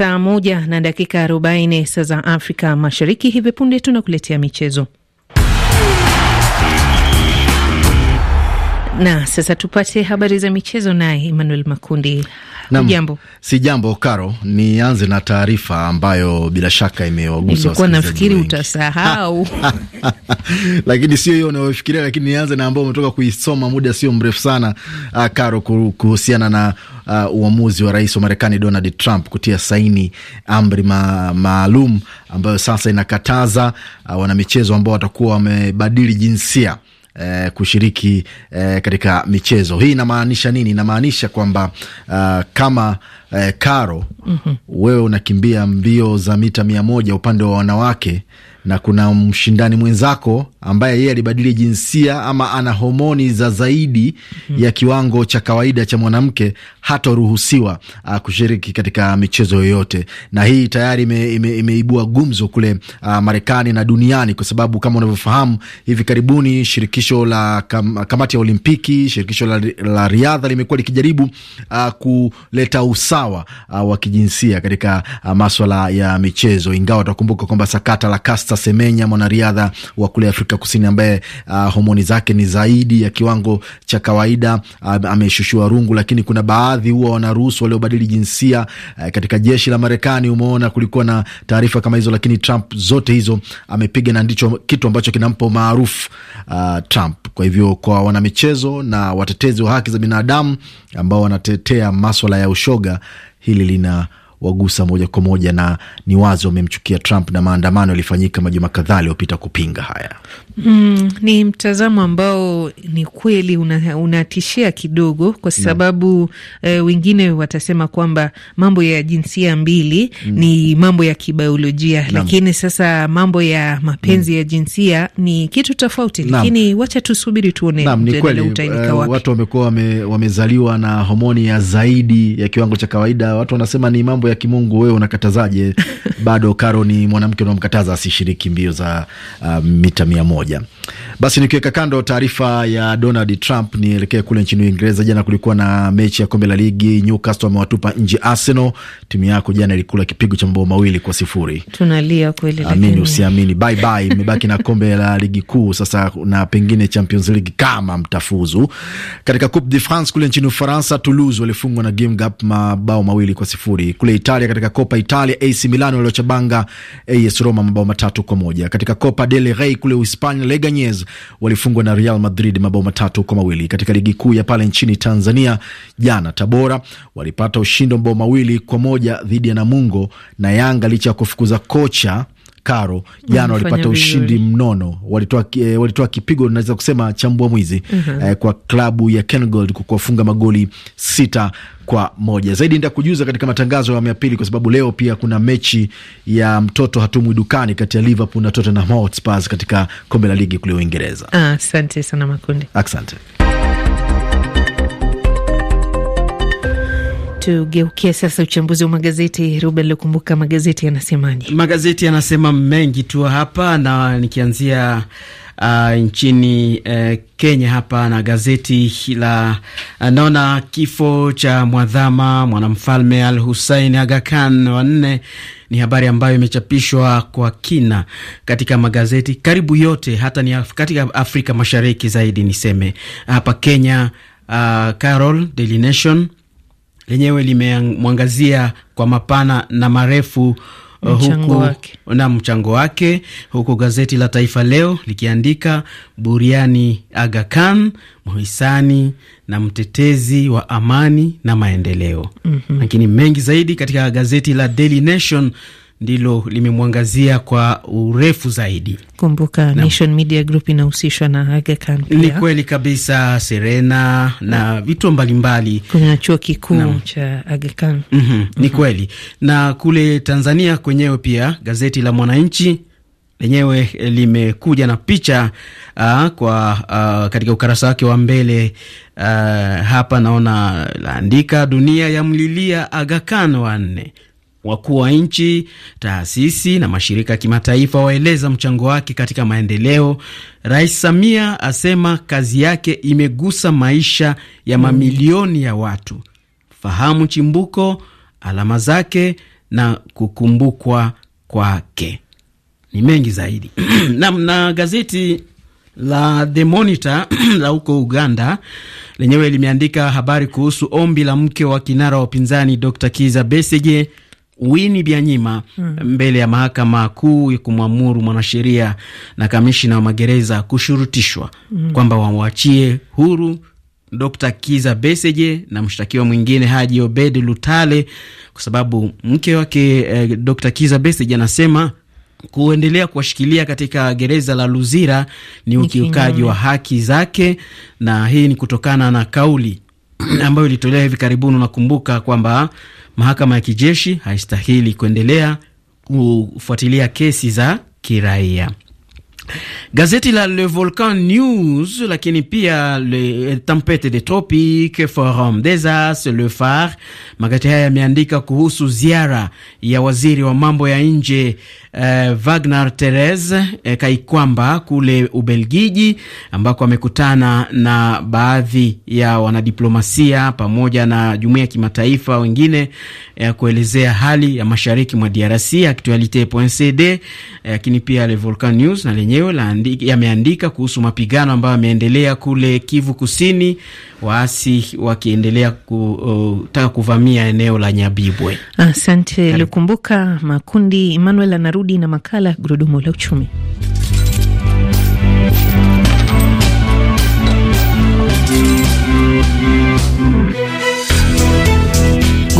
Saa moja na dakika arobaini saa za Afrika Mashariki. Hivi punde tunakuletea michezo na sasa tupate habari za michezo naye Emmanuel Makundi si jambo Karo, nianze na taarifa ambayo bila shaka imewagusa nilikuwa nafikiri utasahau lakini sio hiyo unayofikiria, lakini nianze na ambayo umetoka kuisoma muda sio mrefu sana uh, Karo, kuhusiana na uh, uamuzi wa rais wa Marekani Donald Trump kutia saini amri ma, maalum ambayo sasa inakataza uh, wanamichezo ambao watakuwa wamebadili jinsia eh, kushiriki eh, katika michezo hii. Inamaanisha nini? Inamaanisha kwamba uh, kama eh, Karo mm -hmm. wewe unakimbia mbio za mita mia moja upande wa wanawake na kuna mshindani mwenzako ambaye yeye alibadili jinsia ama ana homoni za zaidi mm -hmm. ya kiwango cha kawaida cha mwanamke hataruhusiwa uh, kushiriki katika michezo yoyote, na hii tayari ime, ime, imeibua gumzo kule uh, Marekani na duniani, kwa sababu kama unavyofahamu, hivi karibuni shirikisho la kam, kamati ya Olimpiki, shirikisho la, la riadha limekuwa likijaribu uh, kuleta usawa uh, wa kijinsia katika uh, maswala ya michezo, ingawa utakumbuka kwamba sakata la Caster Semenya mwanariadha wa kule Afrika Afrika Kusini ambaye uh, homoni zake ni zaidi ya kiwango cha kawaida uh, ameshushiwa rungu, lakini kuna baadhi huwa wanaruhusu waliobadili jinsia uh, katika jeshi la Marekani. Umeona kulikuwa na taarifa kama hizo, lakini Trump zote hizo amepiga, na ndicho kitu ambacho kinampa umaarufu uh, Trump. Kwa hivyo kwa wanamichezo na watetezi wa haki za binadamu ambao wanatetea maswala ya ushoga, hili lina wagusa moja kwa moja, na ni wazi wamemchukia Trump na maandamano yalifanyika majuma kadhaa aliyopita kupinga haya. Mm, ni mtazamo ambao ni kweli unatishia una kidogo kwa mm. sababu mm. E, wengine watasema kwamba mambo ya jinsia mbili mm. ni mambo ya kibiolojia Lakini sasa mambo ya mapenzi mm. ya jinsia ni kitu tofauti Lakini wacha tusubiri tuone uh, watu wamekuwa wamezaliwa na homoni ya zaidi ya kiwango cha kawaida. Watu wanasema ni mambo ya kimungu, wewe unakatazaje? Bado Karo ni mwanamke unaomkataza asishiriki mbio za uh, mita mia moja. Basi nikiweka kando taarifa ya Donald Trump, nielekee kule nchini Uingereza. Jana kulikuwa na mechi ya kombe la ligi, Newcastle amewatupa nje Arsenal. Timu yako jana ilikula kipigo cha mabao mawili kwa sifuri. Tunalia kweli, amini usiamini, bye bye, mmebaki na kombe la ligi kuu sasa na pengine Champions League kama mtafuzu. Katika Coupe de France kule nchini Ufaransa, Toulouse walifungwa na Game Gap mabao mawili kwa sifuri kule Italia katika Kopa Italia, AC Milan waliochabanga AS Roma mabao matatu kwa moja. Katika kopa del Rey kule Uhispania, Leganyes walifungwa na Real Madrid mabao matatu kwa mawili. Katika ligi kuu ya pale nchini Tanzania, jana Tabora walipata ushindi wa mabao mawili kwa moja dhidi ya Namungo na Yanga licha ya kufukuza kocha Karo jana walipata ushindi mnono, walitoa e, walitoa kipigo naweza kusema cha mbwa mwizi mm -hmm. e, kwa klabu ya Kengold kwa kuwafunga magoli sita kwa moja. Zaidi nitakujuza katika matangazo ya awamu ya pili, kwa sababu leo pia kuna mechi ya mtoto hatumwi dukani kati ya Liverpool na Tottenham Hotspur katika kombe la ligi kule Uingereza. Ah, asante ah, sana Makundi, asante. Tugeukie sasa uchambuzi wa magazeti. Ruben Lukumbuka, magazeti yanasemaje? Magazeti yanasema mengi tu hapa, na nikianzia Uh, nchini uh, Kenya hapa na gazeti la uh, naona kifo cha mwadhama mwanamfalme Al Hussein Aga Khan ni habari ambayo imechapishwa kwa kina katika magazeti karibu yote, hata ni af katika Afrika Mashariki zaidi niseme hapa Kenya, uh, Carol, Daily Nation lenyewe limemwangazia kwa mapana na marefu uh, mchango huku, na mchango wake huku gazeti la Taifa Leo likiandika buriani Aga Khan mhisani na mtetezi wa amani na maendeleo, mhm. lakini mm -hmm. mengi zaidi katika gazeti la Daily Nation ndilo limemwangazia kwa urefu zaidi. Kumbuka Nation Media Group inahusishwa na Aga Khan. Ni kweli kabisa, Serena na vitu mbalimbali kuna chuo kikuu cha Aga Khan. mm -hmm. mm -hmm. Ni mhm. kweli, na kule Tanzania kwenyewe pia gazeti la Mwananchi lenyewe limekuja na picha uh, kwa uh, katika ukarasa wake wa mbele uh, hapa naona laandika dunia ya mlilia Aga Khan wanne Wakuu wa nchi, taasisi na mashirika ya kimataifa waeleza mchango wake katika maendeleo. Rais Samia asema kazi yake imegusa maisha ya mm. mamilioni ya watu. Fahamu chimbuko, alama zake na kukumbukwa kwake ni mengi zaidi nam na gazeti la The Monitor la huko Uganda lenyewe limeandika habari kuhusu ombi la mke wa kinara wa upinzani Dr. Kiza besege wini Byanyima mm. mbele ya mahakama kuu kumwamuru mwanasheria na kamishina wa magereza kushurutishwa mm. kwamba wamwachie huru Dr. Kiza Beseje na mshtakiwa mwingine Haji Obed Lutale kwa sababu mke wake eh, Dr. Kiza Beseje anasema kuendelea kuwashikilia katika gereza la Luzira ni ukiukaji wa haki zake, na hii ni kutokana na kauli ambayo ilitolewa hivi karibuni. Unakumbuka kwamba Mahakama ya kijeshi haistahili kuendelea kufuatilia kesi za kiraia. Gazeti la Le Volcan News, lakini pia le eh, Tempete de Tropic, Forum des As, Le Phare, magazeti haya yameandika kuhusu ziara ya waziri wa mambo ya nje eh, Wagner Therese eh, Kaikwamba kule Ubelgiji ambako amekutana na baadhi ya wanadiplomasia pamoja na jumuiya ya kimataifa wengine ya kuelezea hali ya mashariki mwa DRC, Actualite.cd. Eh, lakini pia Le Volcan News na lenyewe yameandika kuhusu mapigano ambayo yameendelea kule Kivu Kusini, waasi wakiendelea kutaka kuvamia eneo la Nyabibwe. Asante Lukumbuka Makundi. Emmanuel anarudi na makala Gurudumu la Uchumi.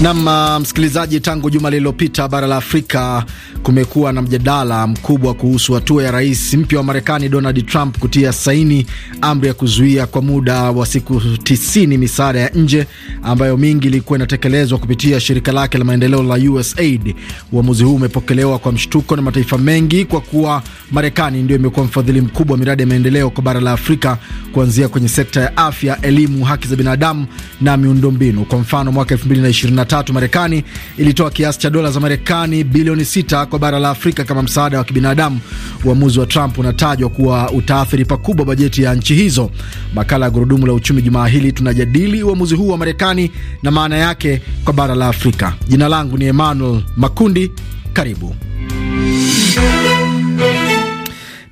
Nam uh, msikilizaji, tangu juma lililopita bara la Afrika kumekuwa na mjadala mkubwa kuhusu hatua ya rais mpya wa Marekani Donald Trump kutia saini amri ya kuzuia kwa muda wa siku 90 misaada ya nje ambayo mingi ilikuwa inatekelezwa kupitia shirika lake la maendeleo la USAID. Uamuzi huu umepokelewa kwa mshtuko na mataifa mengi kwa kuwa Marekani ndio imekuwa mfadhili mkubwa wa miradi ya maendeleo kwa bara la Afrika, kuanzia kwenye sekta ya afya, elimu, haki za binadamu na miundombinu. Kwa mfano mwaka Jumatatu, Marekani ilitoa kiasi cha dola za Marekani bilioni 6 kwa bara la Afrika kama msaada wa kibinadamu. Uamuzi wa Trump unatajwa kuwa utaathiri pakubwa bajeti ya nchi hizo. Makala ya Gurudumu la Uchumi jumaa hili tunajadili uamuzi huu wa Marekani na maana yake kwa bara la Afrika. Jina langu ni Emmanuel Makundi. Karibu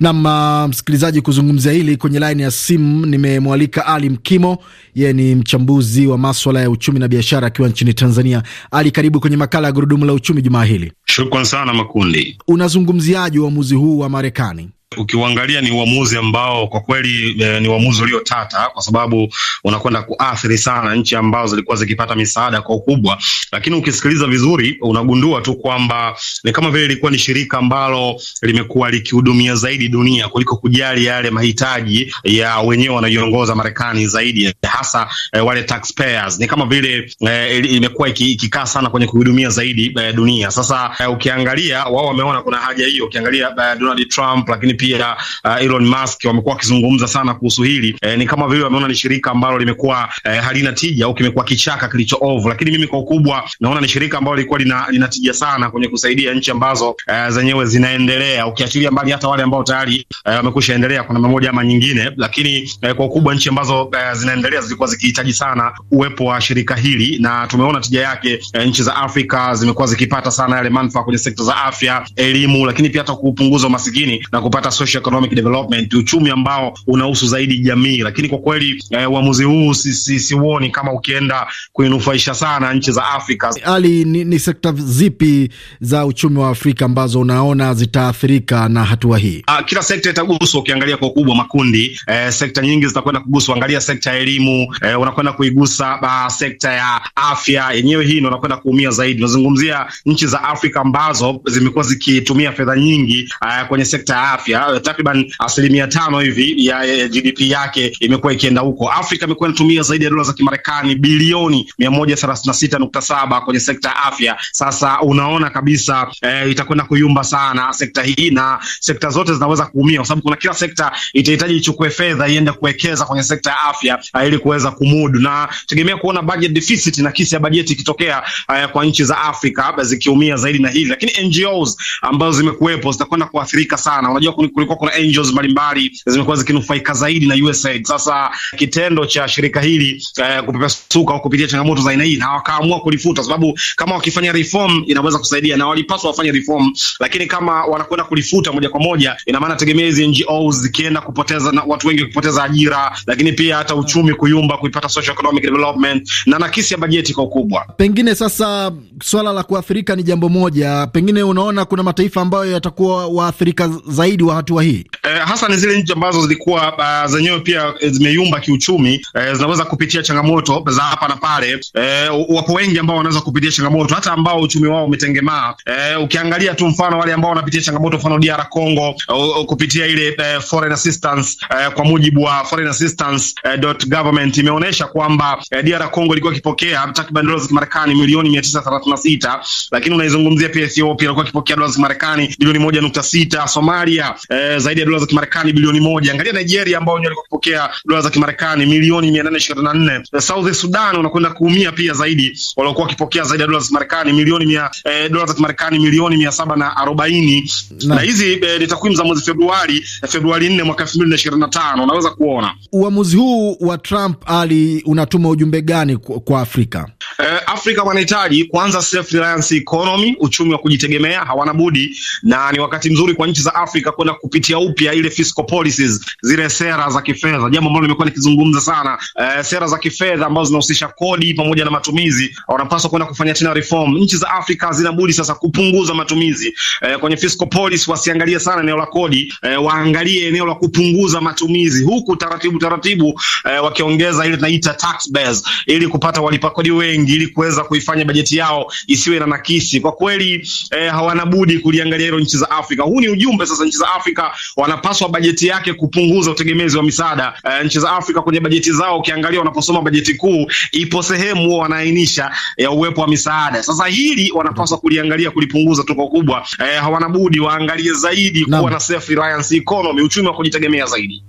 Nam uh, msikilizaji, kuzungumzia hili kwenye laini ya simu nimemwalika Ali Mkimo, yeye ni mchambuzi wa maswala ya uchumi na biashara akiwa nchini Tanzania. Ali, karibu kwenye makala ya gurudumu la uchumi jumaa hili. Shukran sana Makundi. Unazungumziaje uamuzi huu wa Marekani? ukiuangalia ni uamuzi ambao kwa kweli e, ni uamuzi uliotata kwa sababu unakwenda kuathiri sana nchi ambazo zilikuwa zikipata misaada kwa ukubwa, lakini ukisikiliza vizuri unagundua tu kwamba ni kama vile ilikuwa ni shirika ambalo limekuwa likihudumia zaidi dunia kuliko kujali yale mahitaji ya wenyewe wanaiongoza Marekani zaidi hasa e, wale taxpayers. Ni kama vile e, imekuwa ikikaa sana kwenye kuhudumia zaidi e, dunia. Sasa e, ukiangalia wao wameona kuna haja hiyo, ukiangalia e, Donald Trump lakini pia uh, Elon Musk wamekuwa wakizungumza sana kuhusu hili e, ni kama vile wameona ni shirika ambalo limekuwa eh, halina tija au kimekuwa kichaka kilicho ovu, lakini mimi kwa ukubwa naona ni shirika ambalo lilikuwa lina, lina tija sana kwenye kusaidia nchi ambazo eh, zenyewe zinaendelea, ukiachilia mbali hata wale ambao tayari eh, wamekwisha endelea kwa namna moja ama nyingine, lakini eh, kwa ukubwa nchi ambazo eh, zinaendelea zilikuwa zikihitaji sana uwepo wa shirika hili na tumeona tija yake. Eh, nchi za Afrika zimekuwa zikipata sana yale manufaa kwenye sekta za afya, elimu, lakini pia hata kupunguza umasikini na kupata socio development, uchumi ambao unahusu zaidi jamii. Lakini kwa kweli eh, uamuzi huu siuoni si, kama ukienda kuinufaisha sana nchi za Afrika. Ali, ni, ni sekta zipi za uchumi wa Afrika ambazo unaona zitaathirika na hatua hii? Ah, kila sekta itaguswa. Ukiangalia kwa ukubwa makundi, eh, sekta nyingi zitakwenda kuguswa. Angalia sekta ya elimu, eh, unakwenda kuigusa ah, sekta ya afya yenyewe, hii ndio unakwenda kuumia zaidi. Unazungumzia nchi za Afrika ambazo zimekuwa zikitumia fedha nyingi ah, kwenye sekta ya afya Ethiopia takriban asilimia tano hivi ya GDP yake imekuwa ikienda huko. Afrika imekuwa inatumia zaidi ya dola za Kimarekani bilioni mia moja thelathini na sita nukta saba kwenye sekta ya afya. Sasa unaona kabisa eh, itakwenda kuyumba sana sekta hii, na sekta zote zinaweza kuumia, kwa sababu kuna kila sekta itahitaji ichukue fedha iende kuwekeza kwenye sekta ya afya eh, ili kuweza kumudu, na tegemea kuona budget deficit na kisi ya bajeti ikitokea eh, kwa nchi za Afrika zikiumia zaidi na hili, lakini NGOs ambazo zimekuwepo zitakwenda kuathirika sana. Unajua kulikuwa kuna angels mbalimbali zimekuwa zikinufaika zaidi na USAID. Sasa kitendo cha shirika hili eh, kupepesuka au kupitia changamoto za aina hii, na wakaamua kulifuta, sababu kama wakifanya reform inaweza kusaidia, na walipaswa wafanye reform, lakini kama wanakwenda kulifuta moja kwa moja, ina maana tegemea hizi NGOs zikienda kupoteza na watu wengi kupoteza ajira, lakini pia hata uchumi kuyumba, kuipata social economic development na nakisi ya bajeti kwa ukubwa. Pengine sasa swala la kuathirika ni jambo moja, pengine unaona kuna mataifa ambayo yatakuwa waathirika zaidi wa hatua hii? e, hasa ni zile nchi ambazo zilikuwa uh, zenyewe pia eh, zimeyumba kiuchumi, e, zinaweza kupitia changamoto za hapa na pale. e, wapo wengi ambao wanaweza kupitia changamoto hata ambao uchumi wao umetengemaa. e, ukiangalia tu mfano wale ambao wanapitia changamoto, mfano DR Congo, uh, kupitia ile uh, foreign assistance uh, kwa mujibu wa foreign assistance uh, dot government imeonyesha kwamba uh, DR Congo ilikuwa ikipokea takriban dola za Kimarekani milioni 936, lakini unaizungumzia pia Ethiopia ilikuwa ikipokea dola za Kimarekani bilioni 1.6, Somalia eh, zaidi ya dola za Kimarekani bilioni moja. Angalia Nigeria ambao wenyewe walikuwa kupokea dola za Kimarekani milioni mia nane ishirini na nne. Eh, South Sudan wanakwenda kuumia pia zaidi, waliokuwa wakipokea zaidi ya dola za Kimarekani milioni mia eh, dola za Kimarekani milioni mia saba na arobaini na hizi eh, ni takwimu za mwezi Februari, eh, Februari nne mwaka elfu mbili na ishirini na tano. Unaweza kuona uamuzi huu wa Trump ali unatuma ujumbe gani kwa Afrika? Eh, Waafrika wanahitaji kwanza self reliance economy, uchumi wa kujitegemea, hawana budi, na ni wakati mzuri kwa nchi za Afrika kwenda kupitia upya ile fiscal policies, zile sera za kifedha, jambo ambalo nimekuwa nikizungumza sana. e, sera za kifedha ambazo zinahusisha kodi pamoja na matumizi, wanapaswa kwenda kufanya tena reform. Nchi za Afrika hazina budi sasa kupunguza matumizi e, kwenye fiscal policy, wasiangalie sana eneo la kodi e, waangalie eneo la kupunguza matumizi, huku taratibu taratibu e, wakiongeza ile tunaita tax base ili kupata walipa kodi wengi ili kuweza kuweza kuifanya bajeti yao isiwe na nakisi. Kwa kweli eh, hawana budi kuliangalia hilo nchi za Afrika. Huu ni ujumbe sasa, nchi za Afrika wanapaswa bajeti yake kupunguza utegemezi wa misaada. Eh, nchi za Afrika kwenye bajeti zao ukiangalia, wanaposoma bajeti kuu ipo sehemu wanaainisha ya eh, uwepo wa misaada. Sasa hili wanapaswa kuliangalia kulipunguza tuko kubwa. Eh, hawana budi waangalie zaidi kuwa na self reliance economy, uchumi wa kujitegemea zaidi.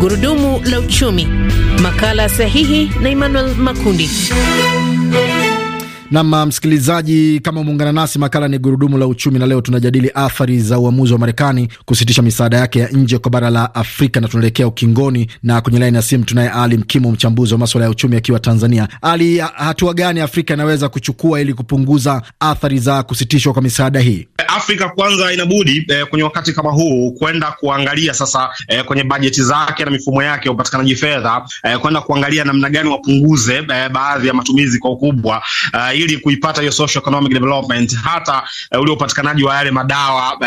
Gurudumu la uchumi. Makala sahihi na Emmanuel Makundi. Nam msikilizaji, kama umeungana nasi, makala ni gurudumu la uchumi, na leo tunajadili athari za uamuzi wa Marekani kusitisha misaada yake ya nje kwa bara la Afrika, na tunaelekea ukingoni, na kwenye laini ya simu tunaye Ali Mkimo, mchambuzi wa maswala ya uchumi akiwa Tanzania. Ali, hatua gani Afrika inaweza kuchukua ili kupunguza athari za kusitishwa kwa misaada hii? Afrika kwanza inabudi eh, kwenye wakati kama huu kwenda kuangalia sasa eh, kwenye bajeti zake na mifumo yake ya upatikanaji fedha eh, kwenda kuangalia namna gani wapunguze eh, baadhi ya matumizi kwa ukubwa eh, uh, ili kuipata hiyo social economic development, hata uh, ule upatikanaji wa yale madawa uh,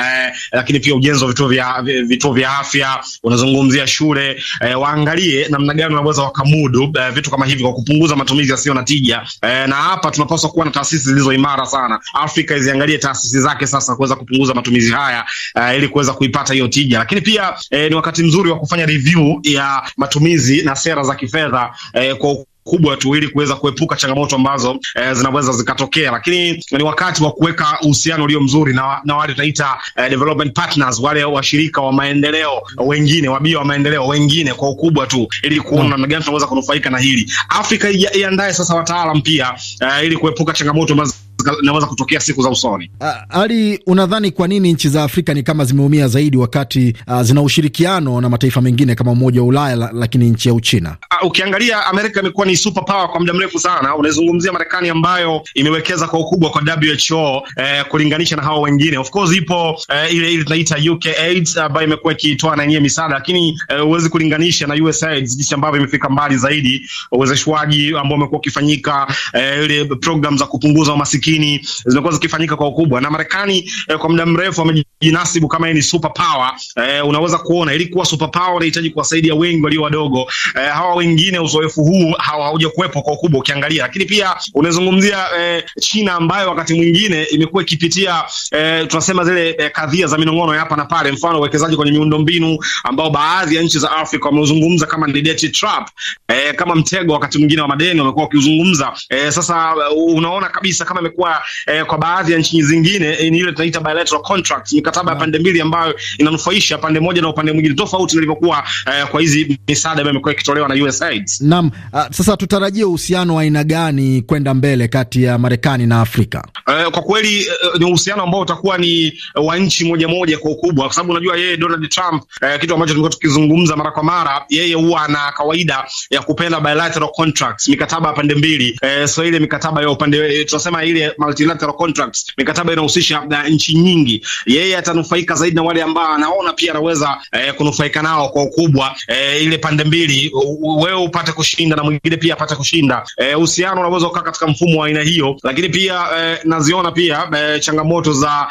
lakini pia ujenzi wa vituo vya vituo vya afya, unazungumzia shule uh, waangalie namna gani wanaweza wakamudu uh, vitu kama hivi kwa kupunguza matumizi yasiyo na tija uh, na hapa tunapaswa kuwa na taasisi zilizo imara sana. Afrika iziangalie taasisi zake sasa kuweza kupunguza matumizi haya uh, ili kuweza kuipata hiyo tija, lakini pia uh, ni wakati mzuri wa kufanya review ya matumizi na sera za kifedha uh, kwa kubwa tu ili kuweza kuepuka changamoto ambazo e, zinaweza zikatokea, lakini ni wakati wa kuweka uhusiano ulio mzuri na, na wale tunaita e, development partners, wale washirika wa maendeleo wengine, wabia wa maendeleo wengine kwa ukubwa tu, ili kuona mm. namna gani tunaweza kunufaika na hili. Afrika iandae sasa wataalam pia e, ili kuepuka changamoto ambazo inaweza kutokea siku za usoni. Ah, Ali, unadhani kwa nini nchi za Afrika ni kama zimeumia zaidi wakati uh, zina ushirikiano na mataifa mengine kama Umoja wa Ulaya la, lakini nchi ya Uchina? Uh, ukiangalia Amerika imekuwa ni super power kwa muda mrefu sana. Unaizungumzia Marekani ambayo imewekeza kwa ukubwa kwa WHO eh, kulinganisha na hao wengine. Of course ipo eh, ile ile tunaita UK AIDS ambayo imekuwa ikitoa na yenyewe misaada, lakini eh, huwezi eh, kulinganisha na USAID jinsi ambavyo imefika mbali zaidi, uwezeshwaji ambao umekuwa ukifanyika, eh, ile program za kupunguza umasikini Kusini zimekuwa zikifanyika kwa ukubwa, na Marekani eh, kwa muda mrefu amejinasibu kama ni super power eh, unaweza kuona ili kuwa super power inahitaji kuwasaidia wengi walio wadogo eh, hawa wengine, uzoefu huu hauja kuwepo kwa ukubwa ukiangalia, lakini pia unazungumzia eh, China ambayo wakati mwingine imekuwa ikipitia eh, tunasema zile eh, kadhia za minongono ya hapa na pale, mfano uwekezaji kwenye miundombinu ambao baadhi ya nchi za Afrika wamezungumza kama ni debt trap eh, kama mtego wakati mwingine wa madeni wamekuwa wakizungumza eh, sasa eh, unaona kabisa kama ilivyokuwa eh, kwa baadhi ya nchi zingine eh, ile tunaita bilateral contracts, mikataba ya mm. pande mbili ambayo inanufaisha pande moja na upande mwingine, tofauti na ilivyokuwa eh, kwa hizi misaada ambayo imekuwa ikitolewa na USAID. Naam, uh, sasa tutarajie uhusiano wa aina gani kwenda mbele kati ya Marekani na Afrika? Uh, kwa kweli uh, ni uhusiano ambao utakuwa ni eh, wa nchi moja moja kwa ukubwa, kwa sababu unajua yeye Donald Trump uh, kitu ambacho tumekuwa tukizungumza mara kwa mara, yeye huwa ana kawaida ya kupenda bilateral contracts, mikataba ya pande mbili uh, so ile mikataba ya upande tunasema ile multilateral contracts, mikataba inahusisha eh, nchi nyingi, yeye atanufaika zaidi na wale ambao anaona pia anaweza eh, kunufaika nao kwa ukubwa eh, ile pande mbili, wewe upate kushinda na mwingine pia apate kushinda. Eh, uhusiano unaweza ukaa katika mfumo wa aina hiyo, lakini pia eh, naziona pia eh, changamoto za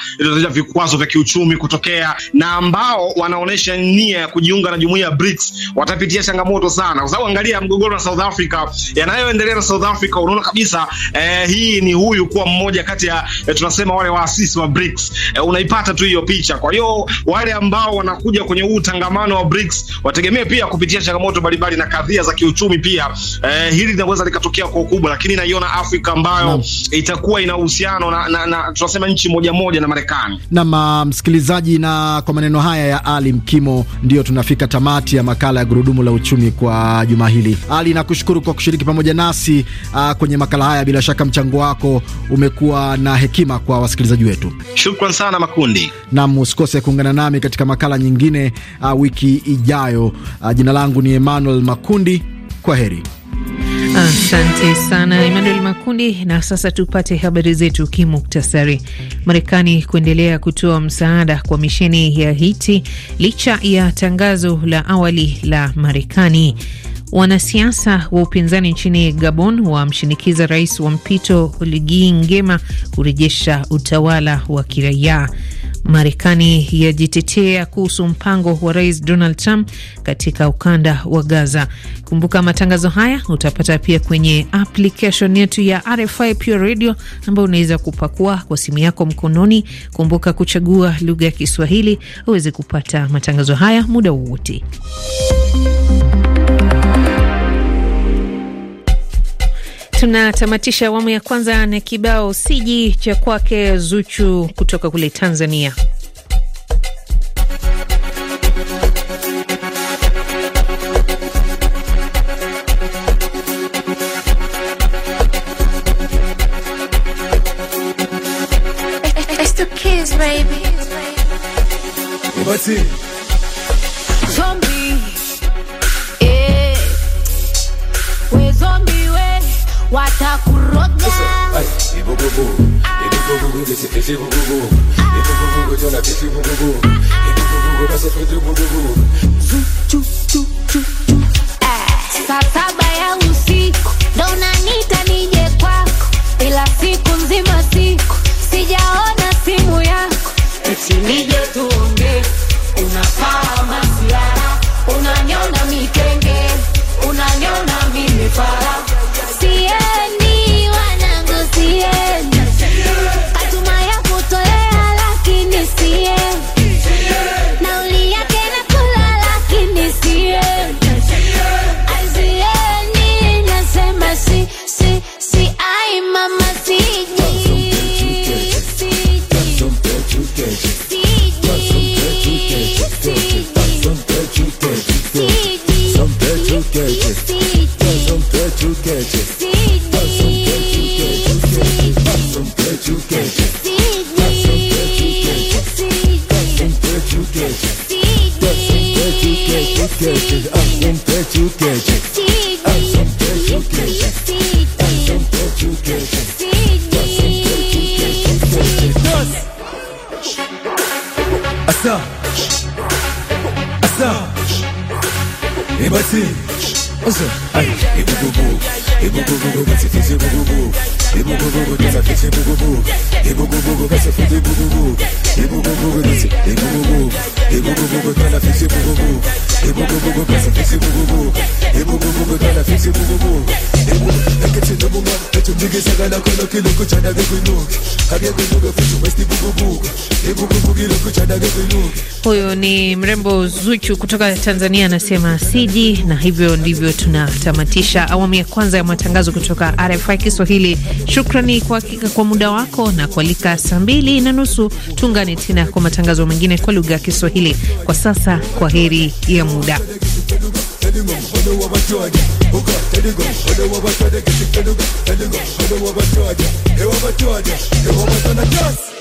vikwazo vya kiuchumi kutokea, na ambao wanaonesha nia ya kujiunga na jumuiya ya BRICS watapitia changamoto sana, kwa sababu angalia mgogoro na South Africa, yanayoendelea na South Africa, unaona kabisa eh, hii ni huyu kuwa mmoja kati ya e, tunasema wale waasisi wa BRICS. e, unaipata tu hiyo picha. Kwa hiyo wale ambao wanakuja kwenye huu tangamano wa BRICS wategemee pia kupitia changamoto mbalimbali na kadhia za kiuchumi pia. e, hili linaweza likatokea kwa ukubwa, lakini naiona Afrika ambayo na, itakuwa ina uhusiano na, na, na tunasema nchi moja moja na Marekani. Na ah, msikilizaji, na kwa maneno haya ya Ali Mkimo, ndio tunafika tamati ya makala ya gurudumu la uchumi kwa juma hili. Ali, nakushukuru kwa kushiriki pamoja nasi uh, kwenye makala haya. Bila shaka mchango wako umekuwa na hekima kwa wasikilizaji wetu. Shukran sana Makundi, nam usikose kuungana nami katika makala nyingine uh, wiki ijayo. Uh, jina langu ni Emmanuel Makundi, kwa heri. Asante sana Emmanuel Makundi. Na sasa tupate habari zetu kimuktasari. Marekani kuendelea kutoa msaada kwa misheni ya Haiti licha ya tangazo la awali la Marekani. Wanasiasa wa upinzani nchini Gabon wamshinikiza rais wa mpito Oligui ngema kurejesha utawala wa kiraia. Marekani yajitetea kuhusu mpango wa rais Donald Trump katika ukanda wa Gaza. Kumbuka matangazo haya utapata pia kwenye application yetu ya RFI Pure Radio ambayo unaweza kupakua kwa simu yako mkononi. Kumbuka kuchagua lugha ya Kiswahili uweze kupata matangazo haya muda wowote. Tunatamatisha awamu ya kwanza na kibao siji cha kwake Zuchu kutoka kule Tanzania. It's the kids, baby. watakuroga saa saba ya usiku ndo unanita nije kwako, ila siku nzima siku sijaona simu yako, eti nije tuongee. Unafaa masiara, unanyona mikenge, unanyona minifara Gerçek aklım pek tükecek Huyu ni mrembo Zuchu kutoka Tanzania anasema siji, na hivyo ndivyo tunatamatisha awamu ya kwanza ya matangazo kutoka RFI Kiswahili. Shukrani kwa hakika kwa muda wako na kualika. Saa mbili na nusu tuungane tena kwa matangazo mengine kwa lugha ya Kiswahili. Kwa sasa, kwa heri ya muda. the rum, hold on over Georgia. Hook up to the gun, hold on over Georgia. Get it to the gun, to the gun, hold on over Georgia. Hey, over Georgia, hey, over Georgia.